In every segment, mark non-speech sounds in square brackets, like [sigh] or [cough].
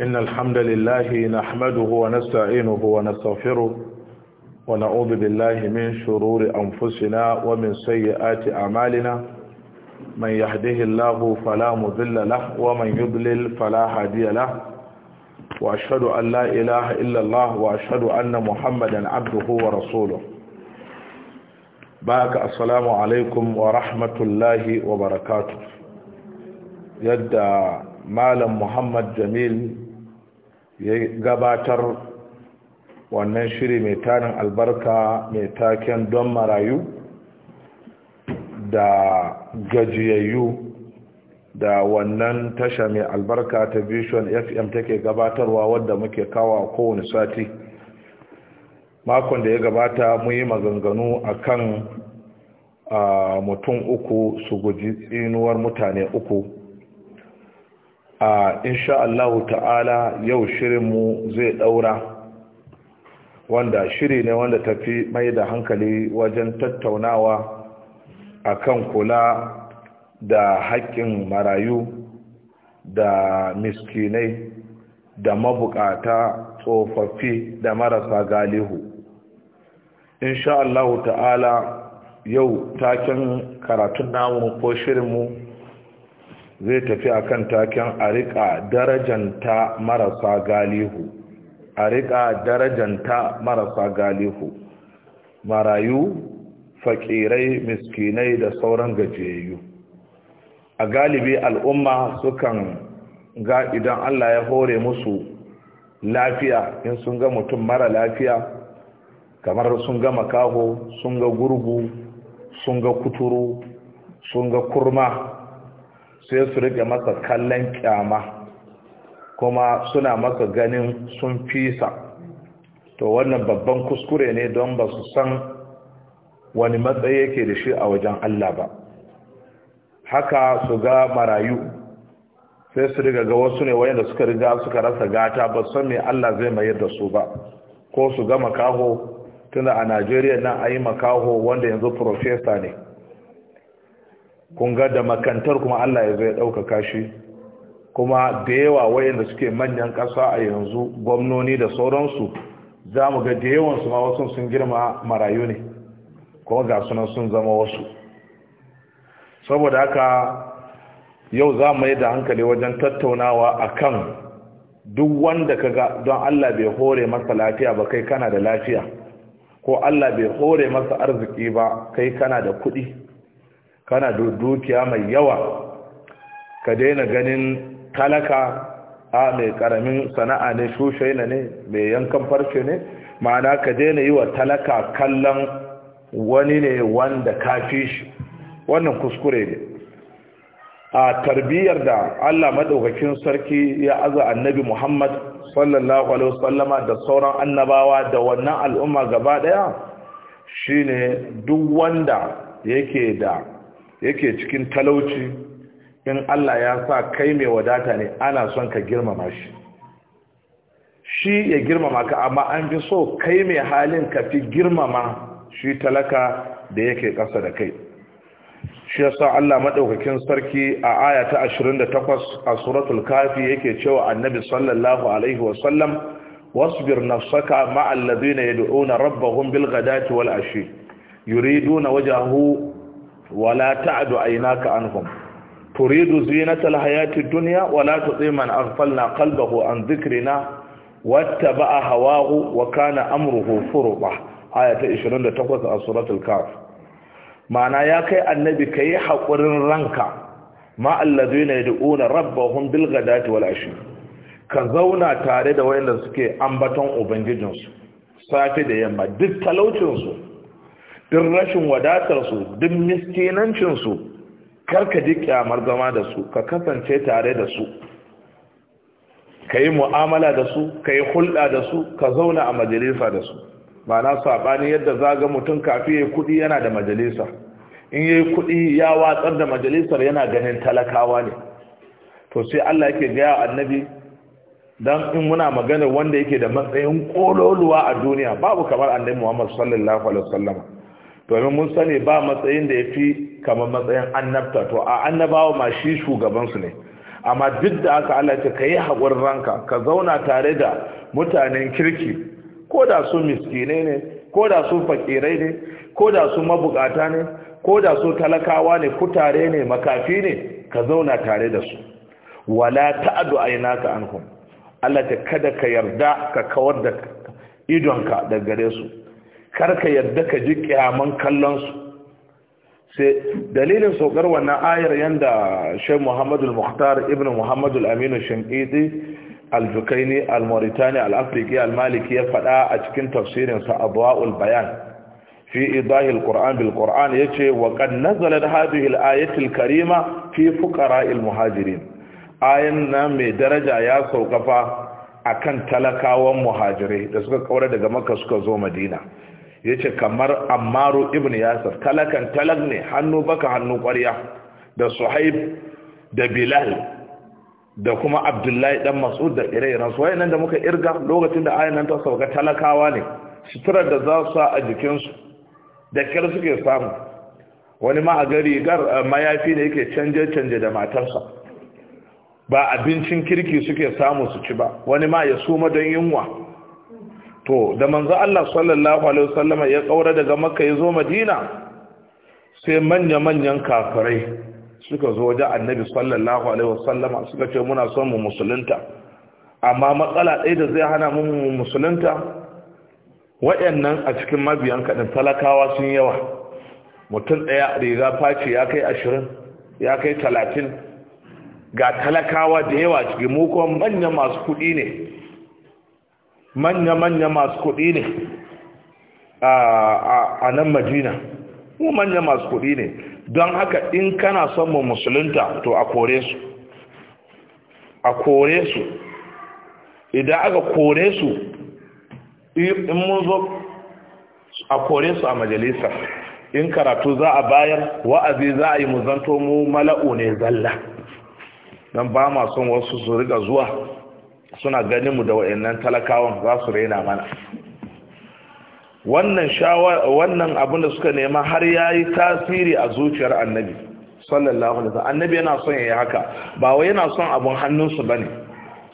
إن الحمد لله نحمده ونستعينه ونستغفره ونعوذ بالله من شرور أنفسنا ومن سيئات أعمالنا من يهده الله فلا مذل له ومن يضلل فلا هادي له وأشهد أن لا إله إلا الله وأشهد أن محمدا عبده ورسوله باك السلام عليكم ورحمة الله وبركاته يد مالا محمد جميل ya gabatar wannan shiri mai tarin albarka mai taken don marayu da gajiyayyu da wannan tasha mai albarka ta vision fm take gabatarwa wadda muke kawo kowane sati makon da ya gabata mu yi maganganu a kan mutum uku su guji tsinuwar mutane uku a insha Allah ta'ala yau shirinmu zai ɗaura wanda shiri ne wanda tafi mai da hankali wajen tattaunawa akan kula da haƙƙin marayu da miskinai da mabukata tsofaffi da marasa galihu insha Allah ta'ala yau taken karatun namu ko shirinmu zai tafi a kan taken a riƙa darajanta marasa galihu a riƙa darajanta marasa galihu marayu faƙirai miskinai da sauran gajiyayyu a galibi al'umma sukan ga idan allah ya hore musu lafiya in sun ga mutum mara lafiya kamar sun ga makaho sun ga gurgu sun ga kuturu sun ga kurma sai su rike masa kallon kyama kuma suna masa ganin sun fisa to wannan babban kuskure ne don ba su san wani matsayi yake da shi a wajen Allah ba haka su ga marayu sai su riga ga wasu ne wayanda suka riga suka rasa gata ba san me Allah zai mayar da su ba ko su ga makaho tunda a Najeriya nan ayi makaho wanda yanzu professor ne kun ga da makantar kuma Allah ya zo ya ɗaukaka shi kuma da yawa wayanda suke manyan ƙasa a yanzu gwamnoni da sauransu za mu ga da yawansu ma wasu sun girma marayu ne kuma ga sunan sun zama wasu saboda haka yau za mu yi da hankali wajen tattaunawa a kan duk wanda ka ga don Allah bai hore masa lafiya ba kai kana da lafiya ko Allah bai hore masa arziki ba kai kana da kuɗi kana dukiya mai yawa ka daina ganin talaka a mai karamin sana'a ne shushaina ne mai yankan farce ne ma'ana ka daina yi wa talaka kallon wani ne wanda ka fi shi wannan kuskure ne a tarbiyyar da Allah maɗaukakin sarki ya aza annabi Muhammad sallallahu alaihi wasallama da sauran annabawa da wannan al'umma gaba ɗaya shine duk wanda yake da yake cikin talauci in Allah ya sa kai mai wadata ne ana son ka girmama shi shi ya girmama ka amma an fi so kai mai halin ka fi girmama shi talaka da yake ƙasa da kai shi yasa Allah madaukakin sarki a aya ta 28 a suratul kafi yake cewa annabi sallallahu alaihi wa sallam wasbir nafsaka ma'al ladina yad'una rabbahum bil wal ashi yuriduna wajhahu wala ta'du aynaka anhum turidu zinata alhayati ad-dunya wala tuti aghfalna qalbahu an dhikrina wattaba'a hawahu wa kana amruhu furba ayata 28 a suratul kaf ma'ana ya kai annabi kai hakurin ranka ma alladhina yad'una rabbahum bil ghadati wal ashi ka zauna tare da wayanda suke ambaton ubangijinsu safe da yamma duk talaucinsu duk rashin wadatar wadatarsu duk miskinancinsu ka ji kyamar zama da su ka kasance tare da su ka yi mu'amala da su ka yi hulɗa da su ka zauna a majalisa da su ba na saɓani yadda zaga mutum kafin ya kuɗi yana da majalisa in ya yi kuɗi ya watsar da majalisar yana ganin talakawa ne to sai Allah yake gaya annabi dan in muna magana wanda yake da matsayin kololuwa a duniya babu kamar annabi Muhammad sallallahu alaihi wasallama domin mun sani ba matsayin da ya fi kamar matsayin annabta to a annabawa ma shi shugabansu ne amma duk da aka Allah ce ka yi haƙurin ranka ka zauna tare da mutanen kirki ko da su miskine ne ko da su fakirai ne ko da su mabukata ne ko da su talakawa ne kutare ne makafi ne ka zauna tare da su wala ta'adu ka anhum Allah ta kada ka yarda ka kawar da idonka daga gare su karka yadda ka ji kyaman kallonsu sai dalilin saukar wannan ayar yanda shan muhammadu muhtar ibn muhammadu aminu shinkidi aljukaini almauritani al almaliki ya faɗa a cikin tafsirinsa abuwa'ul bayan fi idahil qur'an bil qur'an yace wa qad nazalat hadhihi al ayati karima fi fuqara'il muhajirin ayan na mai daraja ya saukafa akan talakawan muhajirai da suka kaura daga makka suka zo madina ya ce kamar ammaru ibn yasir talakan talak ne hannu baka hannu ƙwarya da suhaib da bilal da kuma abdullahi dan mas'ud da ire-iren su wayannan da muka irga lokacin da ayan nan ta sauka talakawa ne suturar da za su sa a jikinsu da kyar suke samu wani ma a gari gar eh, mayafi ne yake canje-canje da matarsa ba abincin kirki suke samu su ci ba wani ma ya suma don yunwa to da manzo Allah sallallahu alaihi wasallam ya kaura daga makka ya zo madina sai manya-manyan kafirai suka zo wajen annabi sallallahu alaihi wasallam suka ce muna son mu musulunta amma matsala ɗaya da zai hana mu musulunta wayannan a cikin mabiyan kadin talakawa sun yawa mutum ɗaya riga face ya kai ashirin ya kai talatin ga talakawa da yawa cikin mu kuma manyan masu kuɗi ne manya-manya masu kuɗi ne a nan madina ko manya masu kuɗi ne don haka in kana son mu musulunta to a kore su a kore su idan aka kore su in mun zo a kore su a majalisa in karatu za a bayar wa'azi za a yi mu zanto mu mala'u ne zalla don ba ma son wasu su riga zuwa suna ganin mu da wayannan talakawan za su raina mana wannan wannan abin da suka nema har yayi tasiri a zuciyar annabi sallallahu alaihi wasallam annabi yana son yayi haka ba wai yana son abun hannunsu bane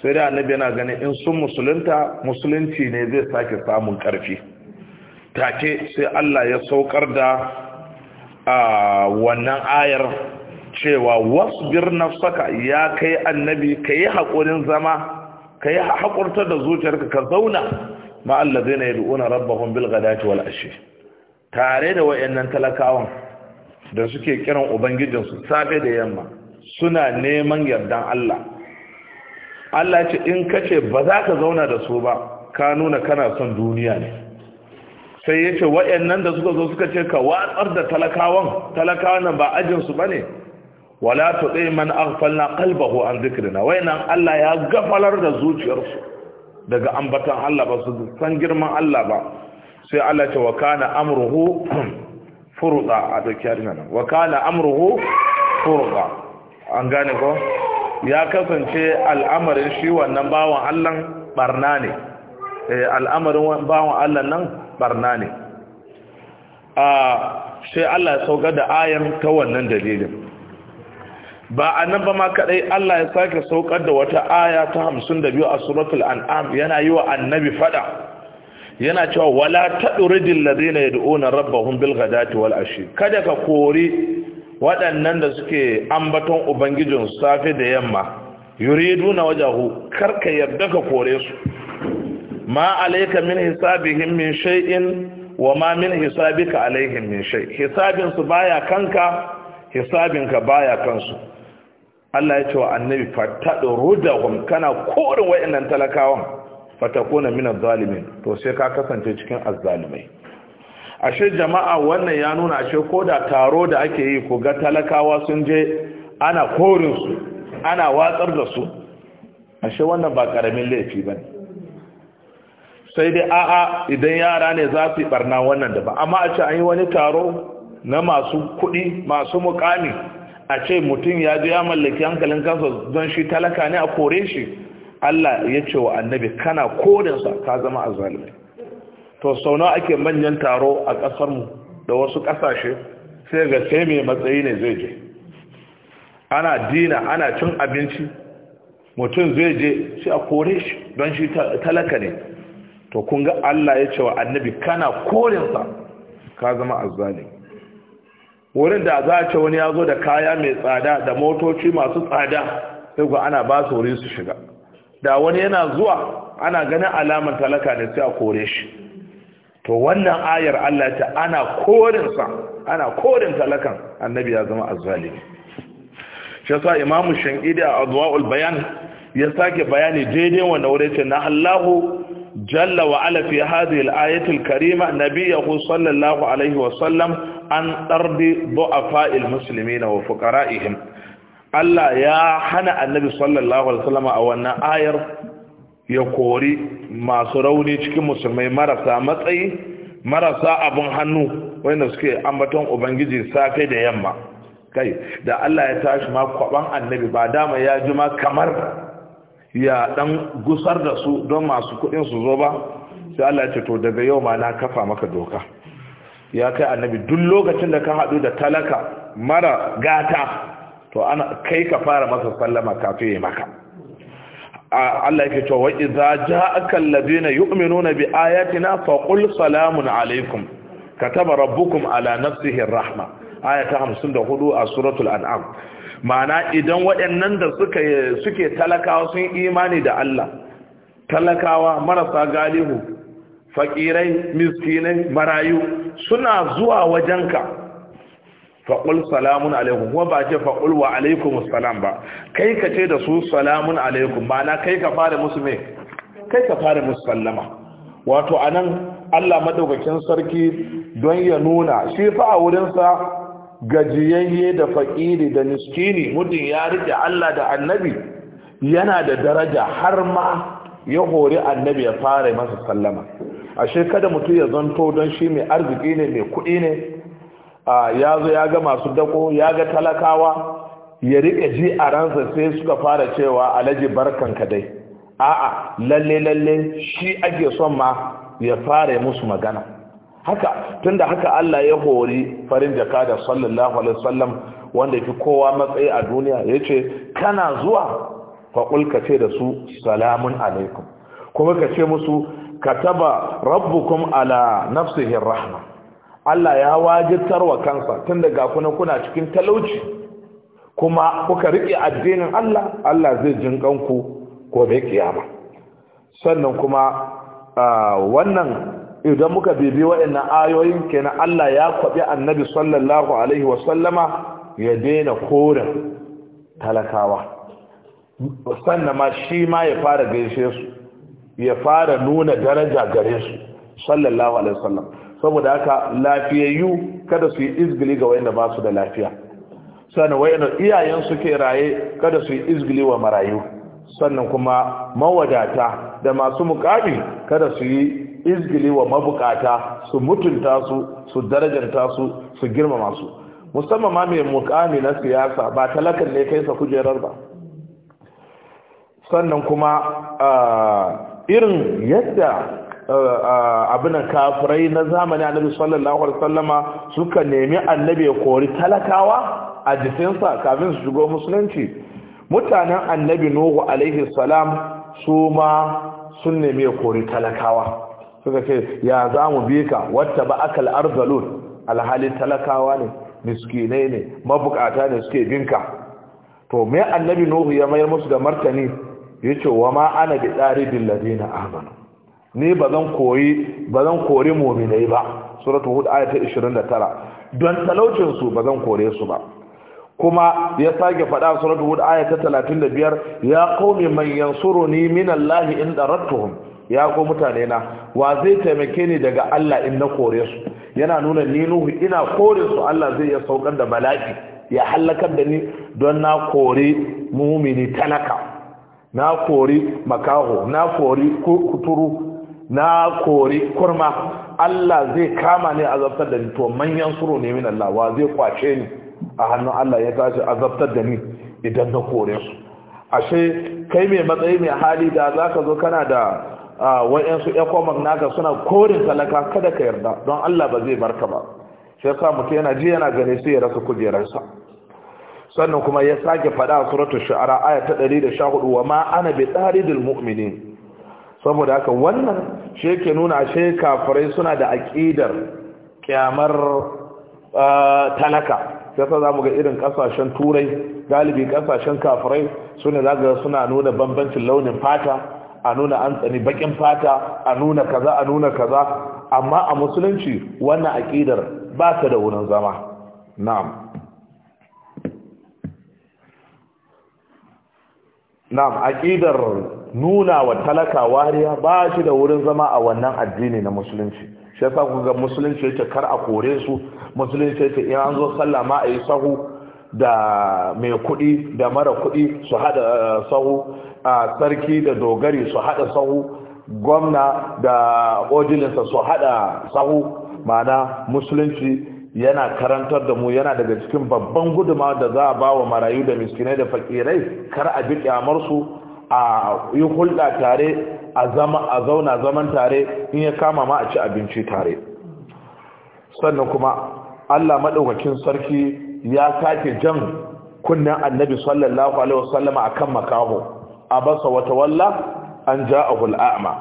sai da annabi yana ganin in sun musulunta musulunci ne zai sake samun karfi take sai Allah ya saukar da wannan ayar cewa wasbir nafsaka ya kai annabi kai haƙurin zama ka yi haƙurta da zuciyarka ka zauna ma'alla zai na yi du'una rabbahun bilgadaci wal ashe tare da wayannan talakawan da suke kiran ubangijinsu safe da yamma suna neman yardan Allah Allah ce in ka ce ba za ka zauna da su ba ka nuna kana son duniya ne sai ya ce wayannan da suka zo suka ce ka watsar da talakawan talakawan nan ba ajinsu ba ne wala tuɗe man kalba ko an zikirina. Wainan Allah ya gafalar da zuciyarsu daga ambatan Allah ba su san girman Allah ba sai Allah ce wa kana amruhu [clears throat] furda a din nan wa kana amruhu furda an gane ko ya kasance al'amarin shi wannan bawan Allah barna ne eh, al'amarin bawan Allah nan barna ne a ah, sai Allah ya sauka da ayan ta wannan dalilin ba a nan ba ma kadai Allah ya sake saukar da wata aya ta hamsin da biyu a suratul an'am yana yi wa annabi fada yana cewa wala tadridil ladina yad'una na bil ghadati wal ashi kada ka kori waɗannan da suke ambaton ubangijin safe da yamma yuri yuriduna wajahu karka yarda ka kore su ma alaika min hisabihim min shay'in wa ma min hisabika alaihim min shay hisabin su baya kanka hisabinka baya kansu Allah ya ce wa annabi fattaɗo rudahum kana kore wa'annan talakawan fatakuna min azzalimin to sai ka kasance cikin azzalimai ashe jama'a wannan ya nuna ashe ko da taro da ake yi ko ga talakawa sun je ana korinsu, ana watsar da su ashe wannan ba karamin laifi bane sai dai a'a idan yara ne za su yi barna wannan da ba amma a ce an yi wani taro na masu kuɗi masu mukami a ce mutum ya ji ya mallaki hankalin kansa don shi talaka ne a kore shi Allah ya ce wa annabi kana korinsa ka zama a azalimi to sau na ake manyan taro a ƙasarmu da wasu kasashe sai ga sai mai matsayi ne zai je ana dina ana cin abinci mutum zai je shi a kore shi don shi talaka ne to kun ga Allah ya ce wa annabi kana korinsa ka zama a azalimi wurin da za a ce wani ya zo da kaya mai tsada da motoci masu tsada sai ga ana ba su su shiga da wani yana zuwa ana ganin alamar talaka ne sai a kore shi to wannan ayar Allah ta ana korinsa ana korin talakan annabi ya zama azali shi sa imamu Shanidi a adwaul bayan ya sake bayani daidai wanda wurin ce na Allahu جل وعلا في هذه الآية الكريمة نبيه صلى الله عليه وسلم أن ترضي ضعفاء wa وفقرائهم Allah ya hana annabi sallallahu alaihi wasallam a wannan ayar ya kori masu rauni cikin musulmai marasa matsayi marasa abun hannu wanda suke ambaton ubangiji safe da yamma kai da Allah ya tashi ma kwaban annabi ba dama ya ji ma kamar ya dan gusar da su don masu kudin su zo ba sai Allah ya ce to daga yau ma na kafa maka doka ya kai annabi duk lokacin da ka hadu da talaka mara gata to ana kai ka fara masa sallama kafin ya maka Allah yake cewa idza ja'aka alladhina yu'minuna bi ayatina faqul salamun alaykum kataba rabbukum ala nafsihi ar-rahma ayata 54 a suratul an'am ma'ana idan waɗannan da suke talakawa sun imani da Allah talakawa marasa galihu faƙirai miskinai marayu suna zuwa wajenka faƙul salamun alaikum kuma ba ce faƙul wa alaikum salam ba kai ka ce da su salamun alaikum ma'ana kai ka fara musu me kai ka fara musu sallama wato anan Allah maɗaukakin sarki don ya nuna shi fa a wurinsa gajiyayye da fakiri da miskini mutum ya rike Allah da annabi yana da daraja har ma ya hori annabi ya fara masa sallama ashe kada mutum ya zanto don shi mai arziki ne mai kuɗi ne ya zo ya ga masu dako ya ga talakawa ya riƙe ji a ransa sai suka fara cewa alaji barkan dai a'a lalle lalle shi ake son ma ya fara musu magana haka tunda haka Allah ya hori farin jaka da sallallahu alaihi wasallam wanda fi kowa matsayi a duniya yace kana zuwa fa kulka ce da su salamun alaikum kuma ka ce musu kataba rabbukum ala nafsihi rahma Allah ya wajibtar wa kansa tun daga kuna kuna cikin talauci kuma kuka rike addinin Allah Allah zai jin kanku gobe kiyama sannan kuma ah, wannan idan muka bibi waɗannan ayoyin kenan Allah ya kwabi annabi sallallahu alaihi wasallama ya daina koren talakawa sannan ma shi ma ya fara gaishe su ya fara nuna daraja gare su sallallahu alaihi wasallam saboda haka lafiyayyu kada su yi izgili ga da ba su da lafiya sannan da iyayen su raye kada su yi izgili wa marayu sannan kuma mawadata da masu mukami kada su yi izgili wa mabukata su mutunta su su darajanta su su girmama su musamman ma mai mukami na siyasa ba talakan ne kai sa kujerar ba sannan kuma irin yadda abinan kafirai na zamani annabi sallallahu alaihi wasallama suka nemi annabi ya kori talakawa a jikinsa kafin su shigo musulunci mutanen annabi nuhu alaihi salam su ma sun nemi ya kori talakawa suka ce ya za mu bi ka wata ba akal arzalun alhalin talakawa ne miskinai ne mabukata ne suke binka to me annabi nuhu ya mayar musu da martani ya ce wa ma ana bi tsaribin ladina amanu ni ba zan ba zan kori muminai ba suratul hud aya 29 don talaucin ba zan kore su ba kuma ya sake faɗa suratul hud aya 35 ya qaumi man yansuruni min allahi in darattuhum ya ko mutane na wa zai taimake ni daga Allah in na kore su yana nuna ni nuhu ina kore su Allah zai ya saukar da bala'i ya halakar da ni don na kore mumini talaka na kore makaho na kore kuturu na kore kurma Allah zai kama ni azabtar da ni to manyan suro ne min Allah wa zai kwace ni a hannun Allah ya tashi azabtar da ni idan na kore su ashe kai mai matsayi mai hali da zaka zo kana da wa'yansu ecobank naka suna korin talaka kada ka yarda don allah ba zai barka ba shi yasa mutum yana ji yana gani sai ya rasa kujerarsa sannan kuma ya sake faɗa a suratul shu'ara aya ta 114 wa ma ana bi taridil mu'minin saboda haka wannan shi yake nuna ashe kafirai suna da aqidar kyamar talaka yasa zamu ga irin kasashen turai galibi kasashen kafirai suna zaga suna nuna bambancin launin fata a nuna an tsani bakin fata a nuna kaza a nuna kaza amma a musulunci wannan aqidar ba ta da wurin zama na'am na'am aqidar nuna wa talaka wariya ba shi da wurin zama a wannan addini na musulunci shi yasa kuga musulunci yake kar a kore su musulunci yake in an zo sallah ma a yi sahu da mai kuɗi da mara kuɗi su hada eh, sahu a sarki da dogari su hada sahu gwamna da ojilinsa su hada sahu mana musulunci yana karantar da mu yana daga cikin babban guduma da za a ba wa marayu da miskinai da fakirai kar a bi kyamarsu a yi hulɗa tare a zauna zaman tare in ya kama ma a ci abinci tare sannan kuma allah maɗaukakin sarki ya sake jan kunnan annabi sallallahu alaihi wasallama akan makaho a basa wata walla an ja'ahul a'ma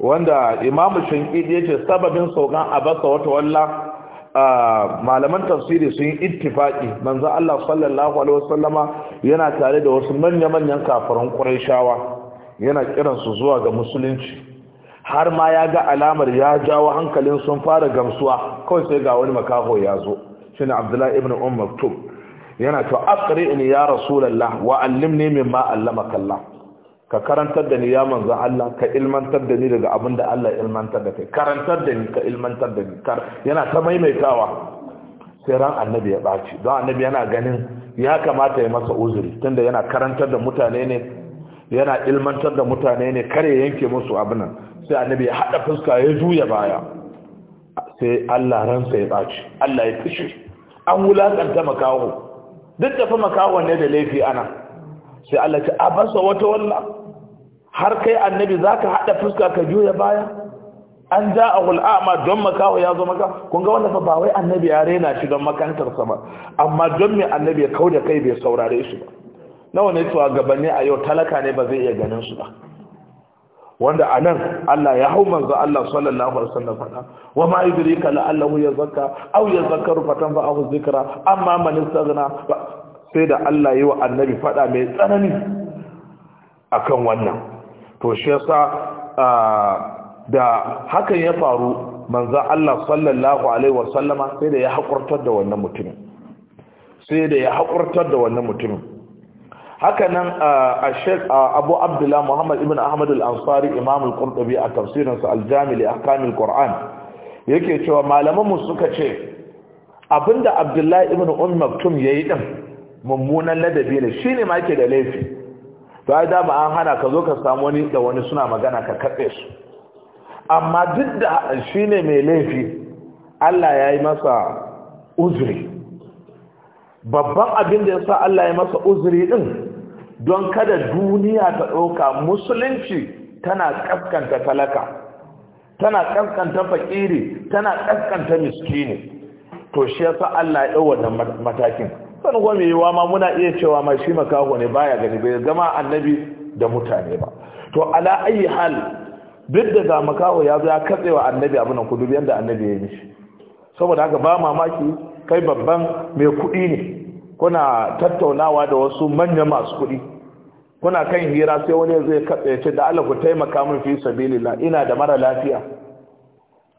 wanda imam shinkidi yace sababin saukan a basa wata walla malaman tafsiri sun yi ittifaki manzo Allah sallallahu alaihi wasallama yana tare da wasu manya-manyan kafiran shawa yana kiran su zuwa ga musulunci har ma ya ga alamar ya jawo hankalin sun fara gamsuwa kawai sai ga wani makaho ya zo shine abdullahi ibn umm yana to in ya rasulullah wa allimni mimma allama kallah. ka karantar da ni ya manzo Allah ka ilmantar da ni daga abin da Allah ilmantar da kai karantar da ni ka ilmantar da ni yana ta maimaitawa sai ran annabi ya baci don annabi yana ganin ya kamata ya masa uzuri tunda yana karantar da mutane ne yana ilmantar da mutane ne kare yanke musu abin sai annabi ya hada fuska ya juya baya sai Allah ransa ya baci Allah ya fushi an wulakanta makaho duk tafi makawon ne da laifi ana sai Allah ce abasa wata walla har kai annabi zaka hada fuska ka juya baya an ja a hul'ama don makaho ya zo maka kun ga wanda fa ba wai annabi ya rena shi don makantar sama amma don me annabi ya da kai bai saurare shi ba nawa ne tuwa gabanni a yau talaka ne ba zai iya ganin su ba wanda anan Allah ya hau manzo Allah sallallahu alaihi wasallam fada wa ma yudrika la allahu yazakka aw yazakkaru fatanfa'ahu dhikra amma man istaghna sai da Allah yi wa annabi fada mai tsanani akan wannan to shi yasa da hakan ya faru manzo Allah sallallahu alaihi wasallama sai da ya hakurtar da wannan mutumin sai da ya hakurtar da wannan mutumin hakanan a sheik abu abdullah muhammad ibn ahmad al-ansari imam al-qurtubi a tafsirinsa al a li ahkamil qur'an yake cewa malaman mu suka ce abinda abdullahi ibn umm maktum yayi din mummunan ladabi ne shine ma yake da laifi to ai da ba an hana ka zo ka samu wani da wani suna magana ka katse su amma duk da shine mai laifi Allah yayi masa uzuri babban abin da ya sa Allah ya masa uzuri din don kada duniya ta ɗauka musulunci tana ƙaskanta talaka tana ƙaskanta faƙiri, tana ƙaskanta miskini to shi yasa Allah ya ɗau wannan matakin sannan kuma yiwa ma muna iya cewa ma shi makaho ne baya gani bai zama annabi da mutane ba to ala ayi hal duk da ga makaho ya zo ya katse wa annabi abin nan ku dubi yanda annabi ya yi mishi saboda haka ba mamaki kai babban mai kuɗi ne kuna tattaunawa da wasu manyan masu kuɗi kuna kan hira sai wani zai katse ce da Allah ku taimaka min fi sabilillah ina da mara lafiya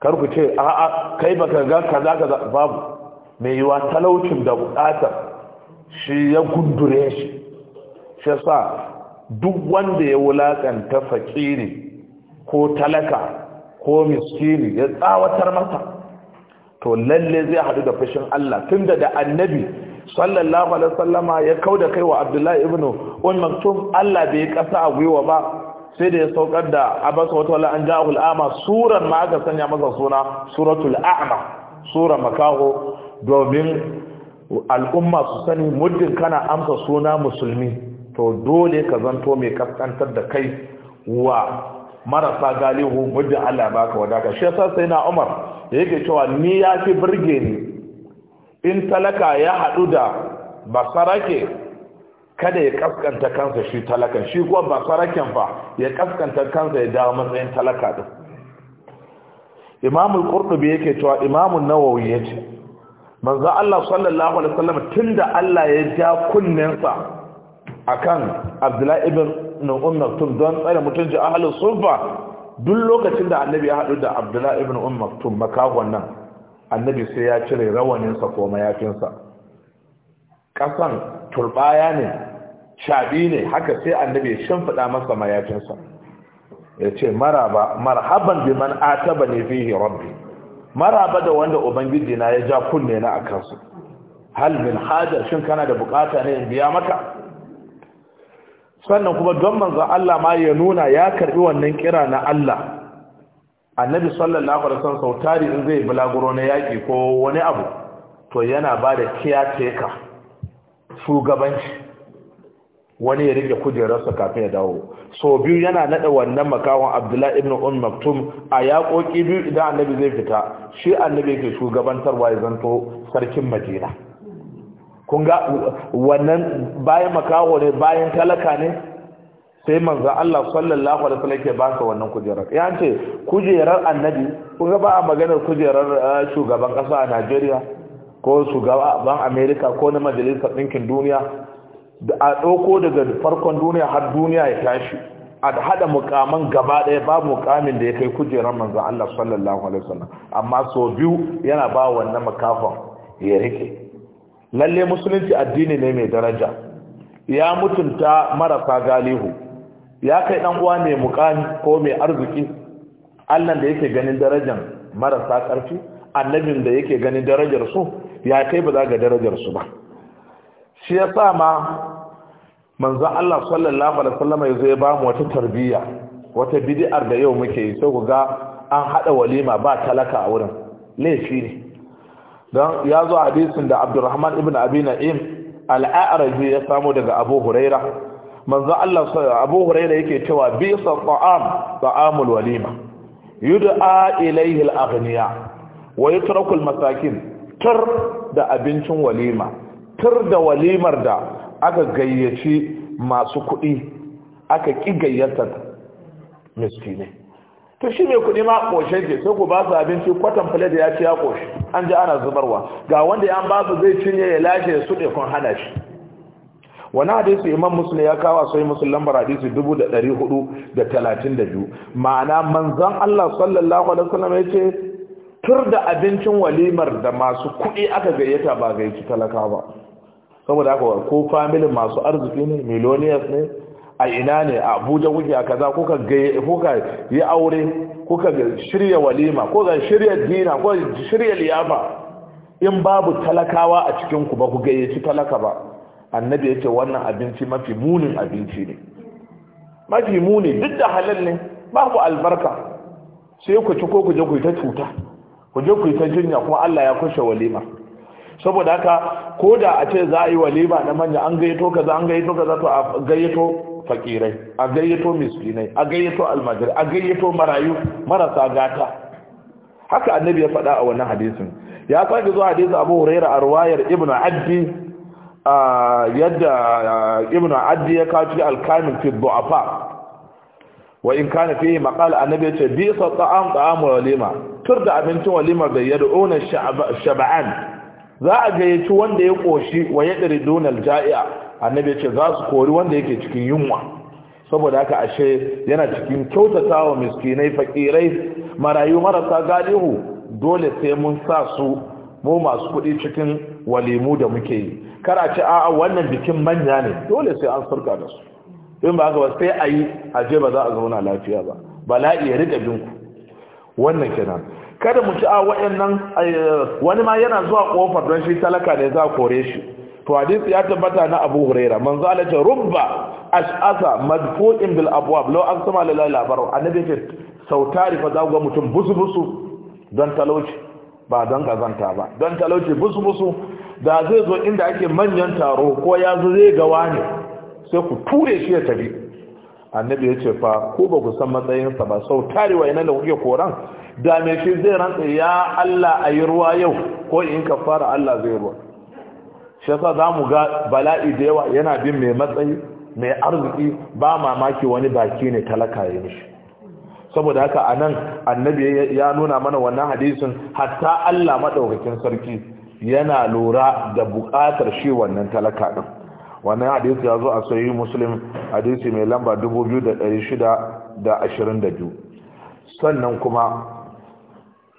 kar ku ce a a kai baka ga kaza kaza babu mai yiwa talaucin da bukata shi ya gundure shi shi sa duk wanda ya wulakanta fakiri ko talaka ko miskini ya tsawatar masa to lalle zai haɗu da fushin Allah tunda da annabi sallallahu alaihi wasallama ya kauda kai wa abdullahi ibn um maktum Allah bai kasa a gwiwa ba sai da ya saukar da abasa wata wala an ja'ul ama suran ma aka sanya masa suna suratul a'ma sura makaho domin al'umma su sani muddin kana amsa suna musulmi to dole ka zanto mai kaskantar da kai wa marasa galihu muddin Allah baka wadaka shi yasa sai na Umar yake cewa ni ya fi burge ni in talaka ya haɗu da basarake kada ya kaskanta kansa shi talakan shi kuwa basaraken fa ya kaskanta kansa ya dawo matsayin talaka din imamul qurtubi yake cewa imamun nawawi ce manzan Allah sallallahu alaihi wasallam da Allah ya ja kunnensa kan Abdullahi ibn Umm Maktum don tsare mutunci ahlus sufa duk lokacin da annabi ya haɗu da Abdullahi ibn Umm Maktum makahon nan annabi sai ya cire rawaninsa ko mayafinsa ƙasan turbaya ne shaɓi ne haka sai annabi shimfiɗa masa mayafinsa ya ce maraba marhaban bi man ataba ne fihi rabbi maraba da wanda ubangiji na ya ja kunne na a kansu hal min haja shin kana da bukata ne in biya maka sannan kuma don manzon Allah ma ya nuna ya karbi wannan kira na Allah annabi sallallahu alaihi wasallam sau tari in zai bulaguro na yaki ko wani abu to yana ba da caretaker shugabanci wani ya rike kujerarsa kafin ya dawo so biyu yana nada wannan makawan abdullahi ibn um maktum a yaƙoƙi biyu idan annabi zai fita shi annabi yake shugabantarwa ya zanto sarkin madina kun ga wannan bayan makawo ne bayan talaka ne sai manzo Allah sallallahu alaihi wasallam ke baka wannan kujerar ya ce kujerar annabi kun ga ba a maganar kujerar eh, shugaban kasa a Najeriya ko shugaban America ko na majalisar ɗinkin duniya da a doko daga farkon duniya har duniya ya tashi a hada mukaman gaba ɗaya ba mukamin da ya kai kujerar manzo Allah sallallahu alaihi wasallam amma so biyu yana ba wannan makafan ya rike lalle musulunci addini ne mai daraja ya mutunta marasa galihu ya kai dan uwa mai mukami ko mai arziki Allah da yake ganin darajar marasa ƙarfi annabin da yake ganin darajar su ya kai ba za ga darajar su ba shi yasa ma manzo Allah sallallahu alaihi wasallam yazo ya ba mu wata tarbiyya wata bid'ar da yau muke yi sai ku ga an hada walima ba talaka a wurin laifi ne don ya zo hadisin da Abdurrahman ibn Abi Na'im al-A'raji ya samu daga Abu Huraira manzo Allah Abu Hurairah yake cewa bi sa'am ta'amul walima yud'a ilayhi al-aghniya wa yutraku al-masakin tar da abincin walima tar da walimar da aka gayyaci masu kuɗi aka ki gayyatar miskinai to shi mai kuɗi ma ƙoshe ke sai ku ba su abinci kwatan da ya ci ya ƙoshe an ji ana zubarwa ga wanda ya ba su zai cinye ya lashe ya suɗe kun hana shi wani hadisi imam musulun ya kawo sai musulun lambar hadisi 432 ma'ana manzan Allah sallallahu alaihi wasallam ya ce tur da abincin walimar da masu kuɗi aka gayyata ba gayyaci talaka ba saboda haka ko familin masu arziki ne miloniyas ne a ina ne a abuja kuke a kaza kuka kuka yi aure kuka shirya walima ko ga shirya dina ko shirya liyafa in babu talakawa a cikin ku ba ku gayyaci talaka ba annabi ya ce wannan abinci mafi munin abinci ne mafi muni duk da halal ne babu albarka sai ku ci ko ku je ku yi ta cuta ku je ku yi ta jinya kuma Allah ya kushe walima saboda haka ko da a ce za a yi walima na manya an gayyato kaza an gayyato kaza to a gayyato fakirai a gayyato miskinai a gayyato almajiri a gayyato marayu marasa gata haka annabi ya faɗa a wannan hadisin ya sake zuwa hadisin Abu huraira a ruwayar Ibn Abdi yadda ibnu addi ya kawo cikin alkamin fi du'afa wa in kana fihi maqal annabi ya ce bi sa ta'am ta'am walima tur da abincin walimar da una shab'an za a gayyaci wanda ya koshi wa yadri donal ja'i'a annabi ya ce za su kori wanda yake cikin yunwa saboda haka ashe yana cikin kyautatawa miskinai fakirai marayu marasa galihu dole sai mun sa su mu masu kuɗi cikin walimu da muke yi Kar a ce a wannan bikin manya ne dole sai an surga da su in ba haka sai a yi aje ba za a zauna lafiya ba bala'i ya riƙa binku wannan kenan kada mu ci a wayannan eh, wani ma yana zuwa kofar don shi talaka ne za kore shi to hadisi ya tabbata na Abu Huraira manzo Allah ce rubba ash'asa madfu'in bil abwab law an sama la labaru annabi ce sautari fa za ga mutum busu busu don talauci ba don kazanta ba don talauci busu-busu da zai zo inda ake manyan taro ko ya zo zai gawa ne sai ku ture shi ya tafi annabi ya ce fa ko ba ku san matsayinsa ba sau tarewa yana da kuke koran da me shi zai rantsa ya Allah a ruwa yau ko in ka fara Allah zai ruwa shi yasa za mu ga bala'i da yawa yana bin mai matsayi mai arziki ba mamaki wani baki ne talaka ya mishi saboda haka a nan, annabi ya nuna mana wannan hadisin hatta Allah madaukakin sarki yana lura da buƙatar shi wannan talaka din wannan hadisi ya zo a sahihi muslim hadisi mai lamba 2622 sannan kuma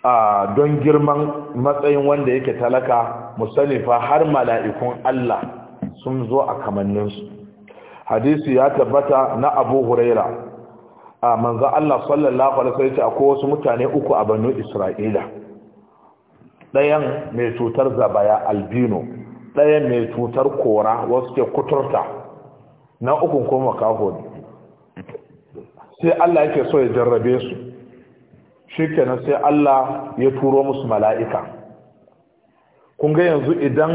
a don girman matsayin wanda yake talaka musallifa har mala'ikun Allah sun zo a kamanninsu hadisi ya tabbata na abu huraira a manzo Allah sallallahu alaihi wasallam ya ce akwai wasu mutane uku a banu Isra'ila ɗayan mai cutar zabaya albino ɗayan mai cutar kora wasu ke kuturta na ukun kuma kafo sai Allah yake so ya jarrabe su kenan sai Allah ya turo musu mala'ika kun ga yanzu idan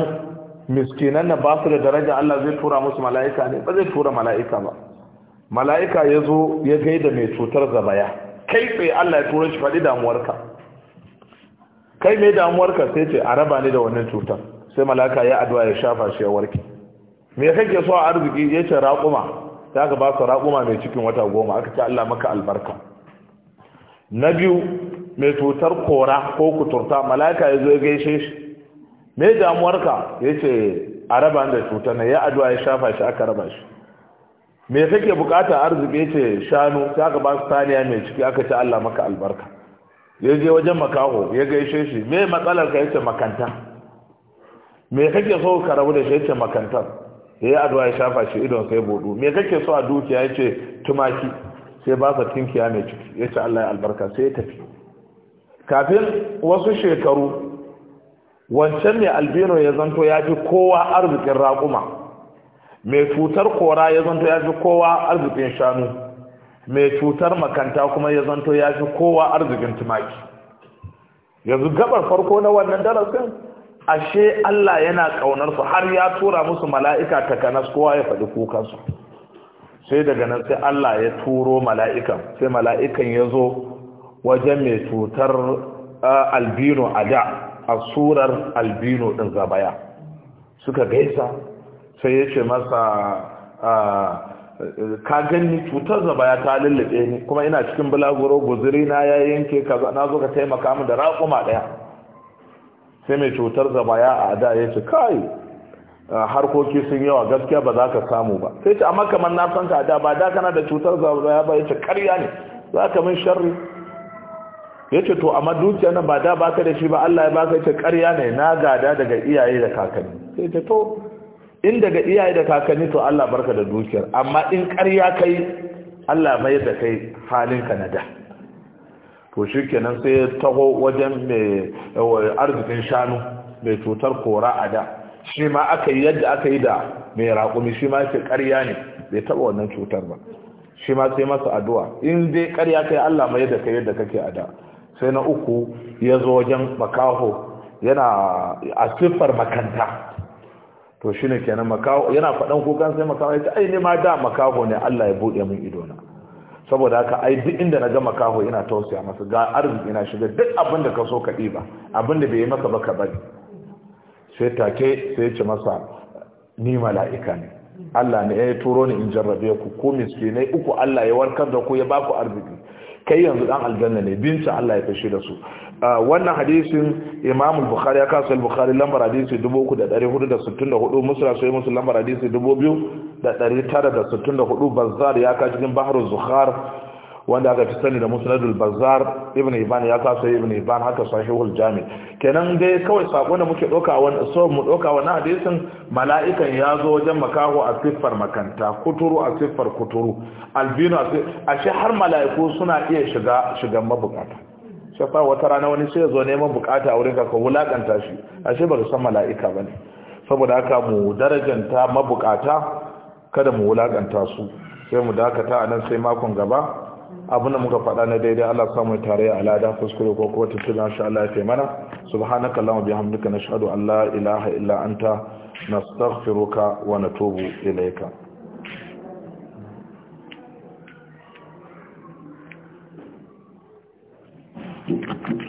miskinan na ba su da daraja Allah zai tura musu mala'ika ne ba zai tura mala'ika ba mala'ika ya zo ya gaida mai cutar zabaya kai tsaye Allah ya turo shi faɗi damuwarka kai mai damuwarka sai ce a raba ni da wannan cutar sai mala'ika ya addu'a ya shafa shi ya warke me kake so a arziki ya ce raƙuma ta ka ba su raƙuma mai cikin wata goma aka ce Allah maka albarka na biyu mai cutar kora ko kuturta mala'ika ya zo ya gaishe shi Mai damuwarka ya ce a raba ni da cutar na ya addu'a ya shafa shi aka raba shi me kake bukata arziki ce shanu sai aka ba su saniya mai ciki aka ce Allah maka albarka ya je wajen makaho ya gaishe shi me matsalar ka yace makanta me kake so ka rabu da shi yace Ya yayi addu'a ya shafa shi idon sai bodu me kake so a dukiya yace tumaki sai ba sa tinkiya mai ciki yace Allah ya albarka sai ya tafi kafin wasu shekaru wancan ne albino ya zanto ya fi kowa arzikin raƙuma mai cutar kora ya zanto ya fi kowa arzikin shanu mai cutar makanta kuma ya zanto ya fi kowa arzikin tumaki yanzu gabar farko na wannan darasin ashe Allah yana ƙaunarsu har ya tura musu mala'ika takanas kowa ya faɗi kukansu sai daga nan sai Allah ya turo mala'ikan sai mala'ikan ya zo wajen mai cutar ah, albino a da a surar albino ɗin zabaya suka gaisa sai ya ce masa ah, ka gani cutar zaba ya ta lullube ni kuma ina cikin bulaguro guzuri na ya yanke ka na zo ka taimaka min da raƙuma ɗaya sai mai cutar zaba ya a da ya ce kai ah, harkoki sun yawa gaskiya ba za ka samu ba sai ce amma kamar na san ka da ba da kana da cutar zaba ba ya ce karya ne za ka min sharri ya ce to amma dukiya nan ba da baka da shi ba Allah ya baka ya ce karya ne na gada daga iyaye da kakanni sai ce to in daga iyaye da kakanni to Allah barka da dukiyar amma in ƙarya kai Allah mai da kai halinka na da to shi kenan sai taho wajen mai arzikin shanu mai cutar kora a da shi ma aka yi yadda aka yi da mai raƙumi shi ma yake ƙarya ne bai taɓa wannan cutar ba shi ma sai masa addu'a in dai ƙarya kai Allah mai da kai yadda kake a da sai na uku ya zo wajen makaho yana a siffar makanta to ne kenan makawo yana faɗan kukan sai makaho ya ce ai ne ma da makaho ne Allah ya buɗe mun ido na saboda haka ai duk inda na ga makaho ina tausaya masa ga arziki na shiga duk abin da ka so ka ɗiba abin da bai yi maka ba ka bari sai take sai ce masa ni mala'ika ne Allah ne ya turo ni in jarrabe ku ko miskinai uku Allah ya warkar da ku ya ba ku arziki kai yanzu dan aljanna ne binci Allah ya kashe da su wannan hadisin Imam Bukhari ya kasu Bukhari lambar hadisi 3464 Muslim sai Muslim lambar hadisi 2964 Bazzar ya ka cikin Bahruz Zukhar wanda aka fi sani da musnadul bazar ibn iban ya kasa ibn iban haka sahihul jami kenan dai kawai sako da muke doka wani so mu doka wani hadisin mala'ikan ya zo wajen makaho a siffar makanta kuturu a siffar kuturu albino a shi har mala'iku suna iya shiga shigan mabukata fa wata rana wani sai ya zo neman bukata a wurin ka ka wulakanta shi a shi ba san mala'ika ba ne saboda haka mu darajanta mabukata kada mu wulakanta su sai mu dakata a nan sai makon gaba abu da muka faɗa na daidai Allah samu tare a lada kuskure ko kuma tuntuna sha Allah ya fi mana subhanaka allahumma hamduka na shaɗu Allah ilaha illa na nastaghfiruka wa natubu ilayka Thank you.